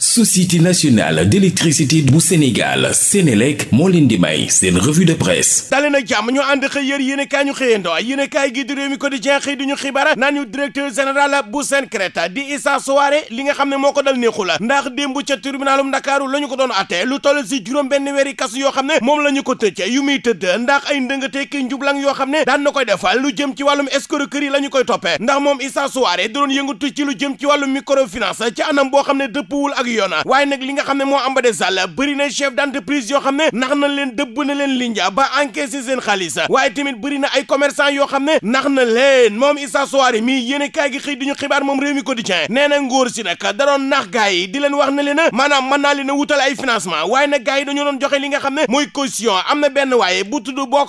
société nationale d'électricité bu Sénégal Sénélec moo leen di may seen revue de presse dali na jàmm ñu ànd xëy yér yéen i kaay ñu xëyando yéen i kaay gi di réew mi quotidien xëy di ñu xibaar naan bu Sencret di Issa Souare li nga xam ne moo ko dal neexu la ndax démb ca tribunalum Ndakaaru la ñu ko doon attee lu toll si juróom benn weeri kasu yoo xam ne moom la ñu ko tëcce yu muy tëdd ndax ay ndëngateeki njublang yoo xam ne daan na koy defal lu jëm ci wàllum escroquerie la ñu koy toppee ndax moom Issa Souare da doon yëngatu ci lu jëm ci wàllum microfinance ci anam boo xam ne dëppwul ak ak yoon waaye nag li nga xam ne moo am ba de sàll bëri na chef d'entreprise yoo xam ne nax na leen dëbb na leen linja ba encaissé seen xaalis waaye tamit bëri ay commerçant yoo xam ne nax na leen moom Issa Souare mii yéene kaay xëy di xibaar moom Rewmi Quotidien nee na ngóor si nag da doon nax gars yi di leen wax ne leen maanaam mën naa leen a wutal ay financement waaye nag gars yi dañoo doon joxe li nga xam ne mooy caution am na benn waaye bu tudd boo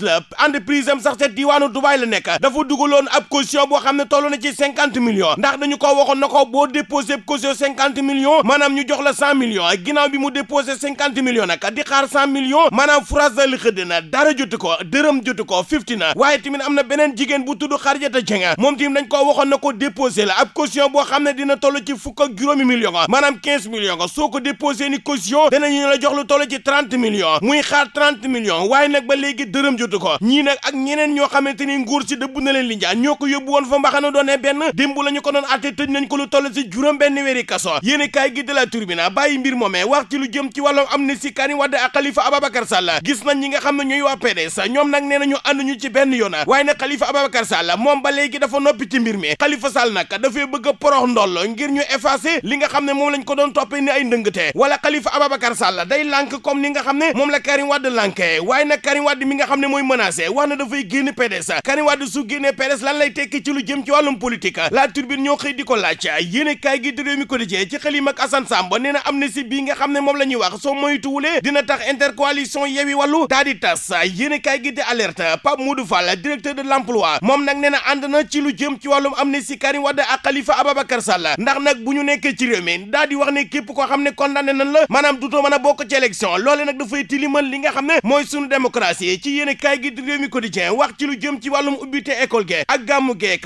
la entreprise am sax ca diwaanu Dubaay la nekk dafa dugaloon ab caution boo xam ne toll na ci cinquante millions ndax dañu ko déposé cinquante millions maanaam ñu jox la cent millions ginnaaw bi mu déposé cinquante millions nag di xaar cent millions maanaam France li xëdd na dara jotu ko dërëm jotu ko fifti na waaye tamit am na beneen jigéen bu tudd Xarjata Jenga moom tamit dañ ko waxoon na ko déposé la ab caution boo xam ne dina toll ci fukk ak juróomi millions maanaam quinze millions soo ko déposé ni caution danañu la jox lu toll ci trente millions muy xaar trente millions waaye nag ba léegi dërëm jotu fanweeri kaso yéen i kaay gi de la turbina bàyyi mbir moomee wax ci lu nga xam ne ñooy waa ñu ànd ñu ci benn yoon waaye nag Khalifa Ababacar Sall moom ba léegi dafa noppi ci mbir mi Khalifa Sall nag dafay bëgg a porox ndoll ngir ñu effacer li nga xam ne moom lañ ko doon toppee ni ay ndëngte wala Khalifa Ababacar Sall nga xam ne moom la Karim Wade lànkee waaye nag Karim Wade mi nga xam ne mooy menacé wax na dafay génn PDS Karim Wade su génnee PDS lan lay tekki ci lu jëm ci wàllum politique la turbine ñoo Rewmi Quotidien ci xëlim ak Assane Samba nee nga xam ne moom la ñuy wax soo moytuwulee dina tax intercoalition Yewwi Wallu daal di tas yéene kaay gi di alerte Pape Modou Fall de l'emploi moom nag nee na ànd na ci lu jëm ci wàllum amnistie Karim Wade ak Khalifa Ababacar Sall ndax nag bu ñu nekkee ci réew mi daal di wax ne képp koo xam ne condamné nañ la maanaam dutoo mën a bokk ci élection loole nag dafay tilimal li nga xam ne mooy sunu démocratie ci yéene kaay gi ci lu jëm ci wàllum ubbite école ge ak gàmmu geek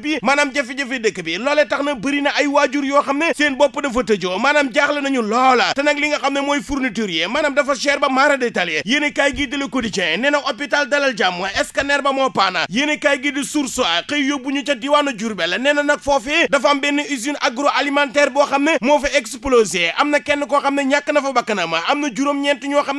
bi maanaam jafe-jafe dëkk bi loolee tax na bëri ay waajur yoo xam ne seen bopp dafa tëjoo maanaam jaaxle nañu loola te li nga xam ne mooy fourniture yi maanaam dafa cher ba maara détaillé yéen kaay gi di Le Quotidien nee na hôpital dalal jàmm scanner ba moo paana yéen kaay gi di A xëy yóbbu ñu ca diwaanu Diourbel nee na nag foofee dafa am benn usine agroalimentaire boo xam ne moo fa explosé am na kenn koo xam ne ñàkk na fa am na juróom-ñeent ñoo xam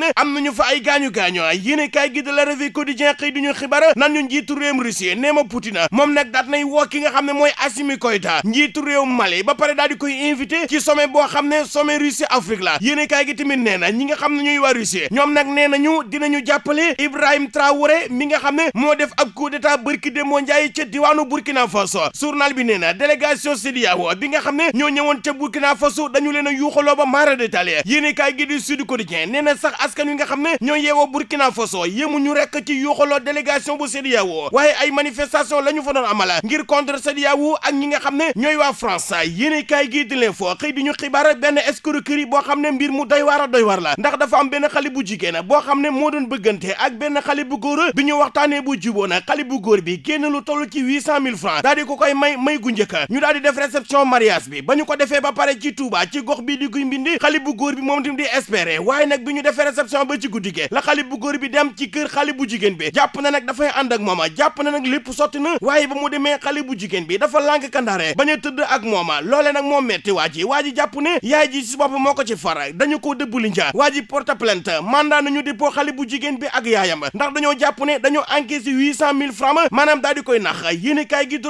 ne Koïta njiitu réew Mali ba pare daal di koy invité ci sommet boo xam ne sommet Russie Afrique la yéen kaay gi tamit nee na ñi nga xam ne ñuy waa Russie ñoom nag nee nañu dinañu jàppale Ibrahim Traoré mi nga xam ne moo def ab coup d'état bërki de moo njaay ca diwaanu Burkina Faso journal bi nee na délégation CEDEAO bi nga xam ne ñoo ñëwoon ca Burkina Faso dañu leen a yuuxaloo ba mara détaillé yéen kaay gi di Sud Quotidien nee na sax askan wi nga xam ne ñoo yeewoo Burkina Faso yémuñu rekk ci yuuxaloo délégation bu CEDEAO waaye ay manifestation la ñu fa amala ngir contre CEDEAO ak ñi nga xam ne ñooy waa France yéene kaay gii di leen foo xëy di ñu xibaar benn kër yi boo xam ne mbir mu doy waar a doy waar la ndax dafa am benn xale bu jigéen boo xam ne moo doon benn xale bu góor bi ñu waxtaanee bu juboon xale bu góor bi génn lu toll ci huit cent mille francs daal di ko koy may may gu njëkk ñu daal di def réception mariage bi ba ñu ko defee ba pare ci Touba ci gox bii di guy mbindi xale bu góor bi moom tamit di espérer waaye nag bi ñu defee réception ba ci guddi gi la xale bu góor bi dem ci kër xale bu jigéen bi jàpp na nag dafay ànd ak mooma jàpp na nag lépp sotti na waaye ba mu demee xale bu jigéen bi dafa lànk takkandaare bañ a tëdd ak mooma loole nag moo metti waa ji waa ji jàpp ne yaay ji si bopp moo ko ci fara dañu ko dëbbuli nja waa ji porte plainte mandat nañu di xale bu jigéen bi ak yaayam ndax dañoo jàpp ne dañoo encaissé huit mille francs maanaam daal koy nax yéene kaay gi du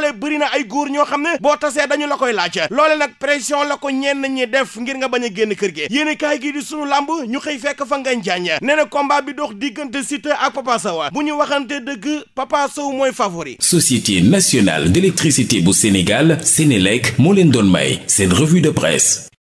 loole boo tasee dañu la nag pression la ko ñenn ñi def ngir nga bañ a génn kër gi yéene kaay gi di sunu làmb ñu xëy fekk fa ngañ jaañ nee na combat bi dox diggante Siteu ak Papa bu ñu waxee waxante dëgg Papa Sow mooy favori. Société nationale d'électricité bu Sénégal Sénélec moo leen doon may seen revue de presse.